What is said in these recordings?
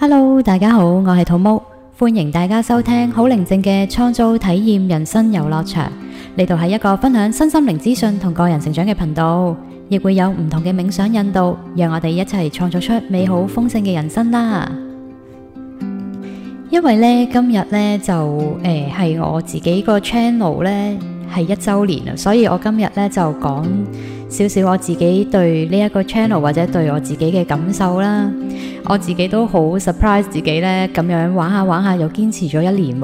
Hello，大家好，我係土木，歡迎大家收聽好寧靜嘅創造體驗人生遊樂場。呢度係一個分享身心靈資訊同個人成長嘅頻道，亦會有唔同嘅冥想引導，讓我哋一齊創造出美好豐盛嘅人生啦。因為呢，今日呢就誒係、呃、我自己個 channel 呢係一周年，所以我今日呢就講。少少我自己對呢一個 channel 或者對我自己嘅感受啦，我自己都好 surprise 自己咧，咁樣玩下玩下又堅持咗一年。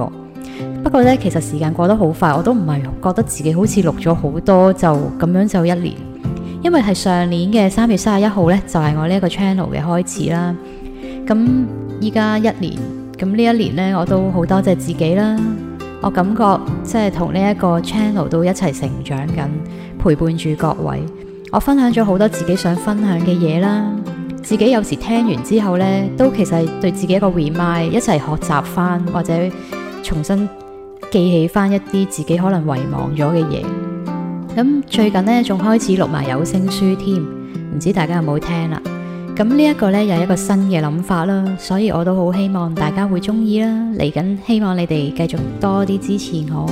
不過咧，其實時間過得好快，我都唔係覺得自己好似錄咗好多就咁樣就一年，因為係上年嘅三月三十一號咧就係我呢一個 channel 嘅開始啦。咁依家一年，咁呢一年咧我都好多謝自己啦。我感覺即係同呢一個 channel 都一齊成長緊，陪伴住各位。我分享咗好多自己想分享嘅嘢啦，自己有時聽完之後呢，都其實係對自己一個 remind，一齊學習返或者重新記起返一啲自己可能遺忘咗嘅嘢。咁最近呢，仲開始錄埋有聲書添，唔知大家有冇聽啦。咁呢一個呢，又一個新嘅諗法啦，所以我都好希望大家會鍾意啦。嚟緊，希望你哋繼續多啲支持我。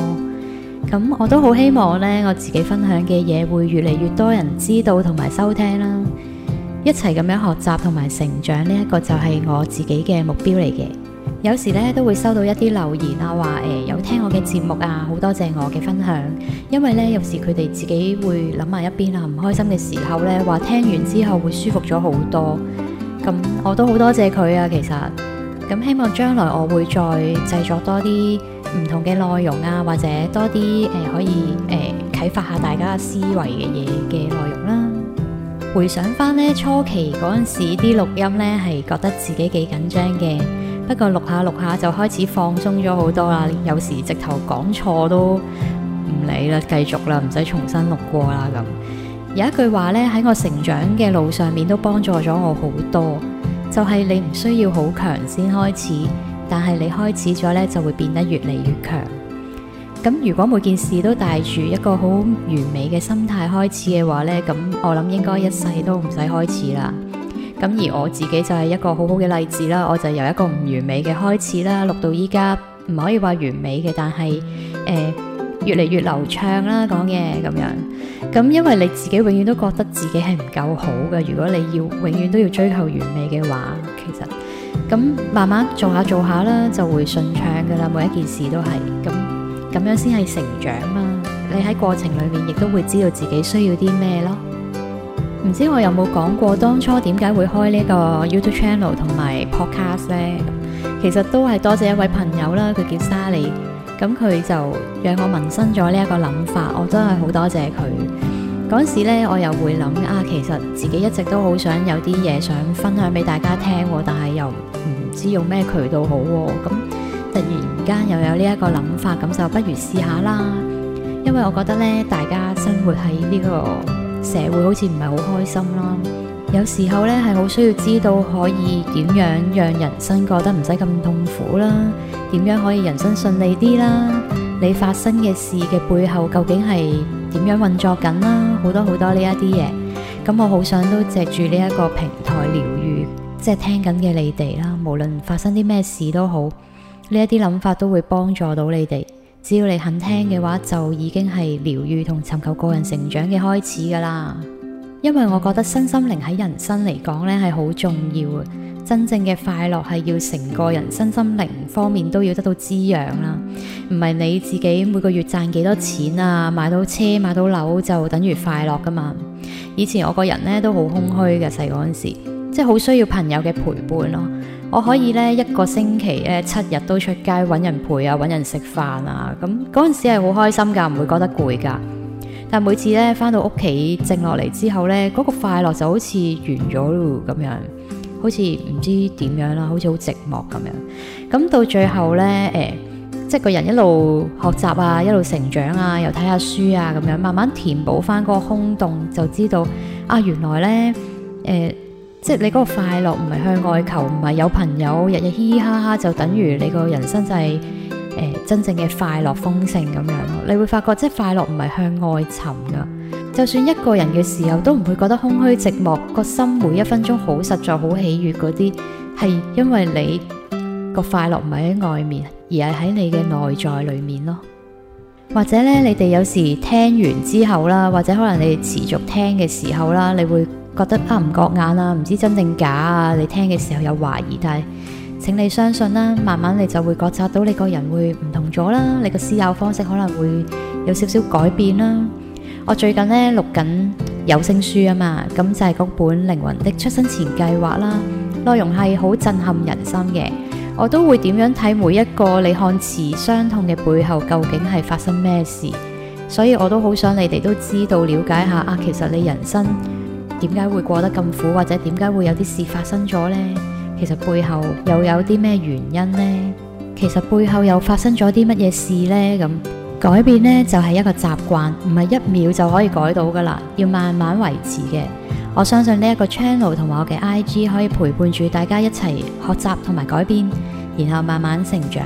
咁我都好希望呢，我自己分享嘅嘢會越嚟越多人知道同埋收聽啦，一齊咁樣學習同埋成長，呢一個就係我自己嘅目標嚟嘅。有時咧，都會收到一啲留言啊，話誒、欸、有聽我嘅節目啊，好多謝我嘅分享。因為咧有時佢哋自己會諗埋一邊啊，唔開心嘅時候咧，話聽完之後會舒服咗好多。咁我都好多謝佢啊，其實。咁希望將來我會再製作多啲唔同嘅內容啊，或者多啲誒、呃、可以誒啟、呃、發下大家思維嘅嘢嘅內容啦。回想翻咧初期嗰陣時啲錄音咧，係覺得自己幾緊張嘅。不過錄下錄下就開始放鬆咗好多啦，有時直頭講錯都唔理啦，繼續啦，唔使重新錄過啦咁。有一句話咧喺我成長嘅路上面都幫助咗我好多，就係你唔需要好強先開始，但係你開始咗咧就會變得越嚟越強。咁如果每件事都帶住一個好完美嘅心態開始嘅話咧，咁我諗應該一世都唔使開始啦。咁而我自己就係一個好好嘅例子啦，我就由一個唔完美嘅開始啦，錄到依家唔可以話完美嘅，但係誒、呃、越嚟越流暢啦講嘢咁樣。咁因為你自己永遠都覺得自己係唔夠好嘅，如果你要永遠都要追求完美嘅話，其實咁慢慢做下做下啦，就會順暢噶啦，每一件事都係咁，咁樣先係成長嘛。你喺過程裏面亦都會知道自己需要啲咩咯。唔知我有冇講過當初點解會開個呢個 YouTube Channel 同埋 Podcast 咧？其實都係多謝一位朋友啦，佢叫 Sally。咁佢就讓我萌生咗呢一個諗法，我真係好多謝佢。嗰時呢，我又會諗啊，其實自己一直都好想有啲嘢，想分享俾大家聽，但係又唔知用咩渠道好。咁突然間又有呢一個諗法，咁就不如試下啦，因為我覺得呢，大家生活喺呢、這個社會好似唔係好開心啦，有時候咧係好需要知道可以點樣讓人生過得唔使咁痛苦啦，點樣可以人生順利啲啦，你發生嘅事嘅背後究竟係點樣運作緊啦，好多好多呢一啲嘢，咁我好想都藉住呢一個平台療癒，即係聽緊嘅你哋啦，無論發生啲咩事都好，呢一啲諗法都會幫助到你哋。只要你肯聽嘅話，就已經係療癒同尋求個人成長嘅開始噶啦。因為我覺得身心靈喺人生嚟講呢係好重要啊！真正嘅快樂係要成個人身心靈方面都要得到滋養啦。唔係你自己每個月賺幾多錢啊，買到車買到樓就等於快樂噶嘛。以前我個人呢都好空虛噶，細個嗰陣時。即係好需要朋友嘅陪伴咯，我可以咧一個星期咧、呃、七日都出街揾人陪啊，揾人食飯啊，咁嗰陣時係好開心㗎，唔會覺得攰㗎。但係每次咧翻到屋企靜落嚟之後呢，嗰個快樂就好似完咗咯咁樣，好似唔知點樣啦，好似好寂寞咁樣。咁、嗯、到最後呢，誒、呃，即係個人一路學習啊，一路成長啊，又睇下書啊，咁樣慢慢填補翻嗰個空洞，就知道啊，原來呢。誒、呃。即你嗰個快樂唔係向外求，唔係有朋友日日嘻嘻哈哈就等於你個人生就係、是、誒、呃、真正嘅快樂豐盛咁樣咯。你會發覺即係快樂唔係向外尋噶，就算一個人嘅時候都唔會覺得空虛寂寞，個心每一分鐘好實在好喜悅嗰啲，係因為你個快樂唔係喺外面，而係喺你嘅內在裏面咯。或者咧，你哋有時聽完之後啦，或者可能你哋持續聽嘅時候啦，你會。覺得啱唔覺眼啊，唔知真定假啊。你聽嘅時候有懷疑，但係請你相信啦，啊，慢慢你就會覺察到你個人會唔同咗啦。你個思考方式可能會有少少改變啦。我最近呢，錄緊有聲書啊嘛，咁就係嗰本《靈魂的出生前計劃》啦，內容係好震撼人心嘅。我都會點樣睇每一個你看似傷痛嘅背後，究竟係發生咩事？所以我都好想你哋都知道了解一下啊。其實你人生。點解會過得咁苦，或者點解會有啲事發生咗呢？其實背後又有啲咩原因呢？其實背後又發生咗啲乜嘢事呢？咁改變呢，就係一個習慣，唔係一秒就可以改到噶啦，要慢慢維持嘅。我相信呢一個 channel 同埋我嘅 IG 可以陪伴住大家一齊學習同埋改變，然後慢慢成長。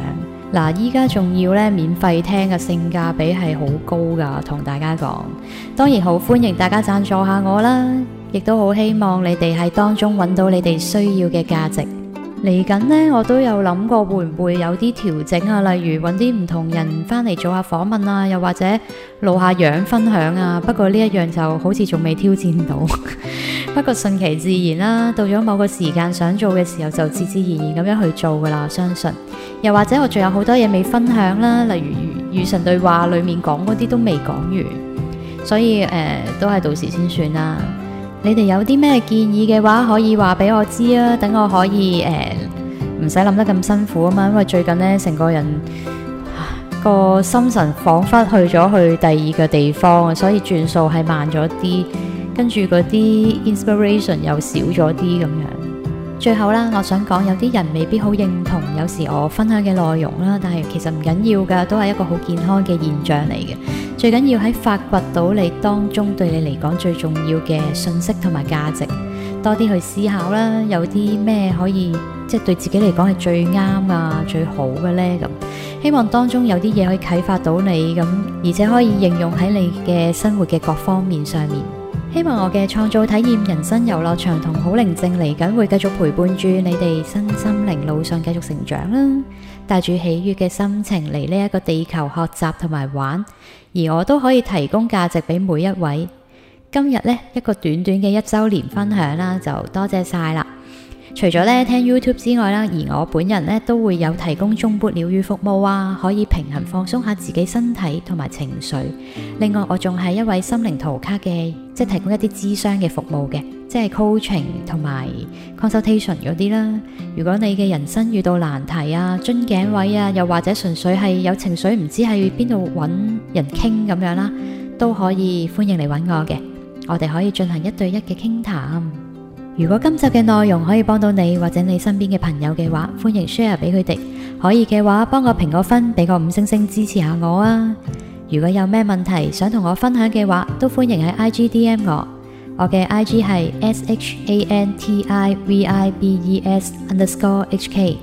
嗱，依家仲要咧免費聽嘅性價比係好高噶，同大家講。當然好歡迎大家贊助下我啦。亦都好希望你哋喺當中揾到你哋需要嘅價值。嚟緊呢，我都有諗過會唔會有啲調整啊，例如揾啲唔同人翻嚟做下訪問啊，又或者露下樣分享啊。不過呢一樣就好似仲未挑戰到， 不過順其自然啦、啊。到咗某個時間想做嘅時候，就自自然然咁樣去做噶啦。我相信又或者我仲有好多嘢未分享啦、啊，例如與神對話裏面講嗰啲都未講完，所以誒、呃、都係到時先算啦。你哋有啲咩建議嘅話，可以話俾我知啊！等我可以誒，唔使諗得咁辛苦啊嘛，因為最近咧成個人個心神仿佛去咗去第二個地方，所以轉數係慢咗啲，跟住嗰啲 inspiration 又少咗啲咁樣。最後啦，我想講，有啲人未必好認同有時我分享嘅內容啦，但係其實唔緊要㗎，都係一個好健康嘅現象嚟嘅。最緊要喺發掘到你當中對你嚟講最重要嘅信息同埋價值，多啲去思考啦，有啲咩可以即係、就是、對自己嚟講係最啱啊最好嘅呢？咁。希望當中有啲嘢可以啟發到你咁，而且可以應用喺你嘅生活嘅各方面上面。希望我嘅創造體驗、人生遊樂場同好寧靜嚟緊會繼續陪伴住你哋身心靈路上繼續成長啦！帶住喜悅嘅心情嚟呢一個地球學習同埋玩，而我都可以提供價值俾每一位。今日呢，一個短短嘅一周年分享啦，就多謝晒啦！除咗呢聽 YouTube 之外啦，而我本人呢都會有提供頌缽療癒服務啊，可以平衡放鬆下自己身體同埋情緒。另外，我仲係一位心靈圖卡嘅，即提供一啲諮商嘅服務嘅，即係 coaching 同埋 consultation 嗰啲啦。如果你嘅人生遇到難題啊、樽頸位啊，又或者純粹係有情緒唔知喺邊度揾人傾咁樣啦，都可以歡迎嚟揾我嘅，我哋可以進行一對一嘅傾談。如果今集嘅內容可以幫到你或者你身邊嘅朋友嘅話，歡迎 share 俾佢哋。可以嘅話，幫我評個分，俾個五星星支持下我啊！如果有咩問題想同我分享嘅話，都歡迎喺 IG DM 我。我嘅 IG 係 shantivibes_underscore_hk。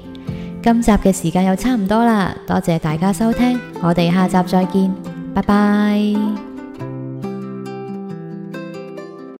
今集嘅時間又差唔多啦，多謝大家收聽，我哋下集再見，拜拜。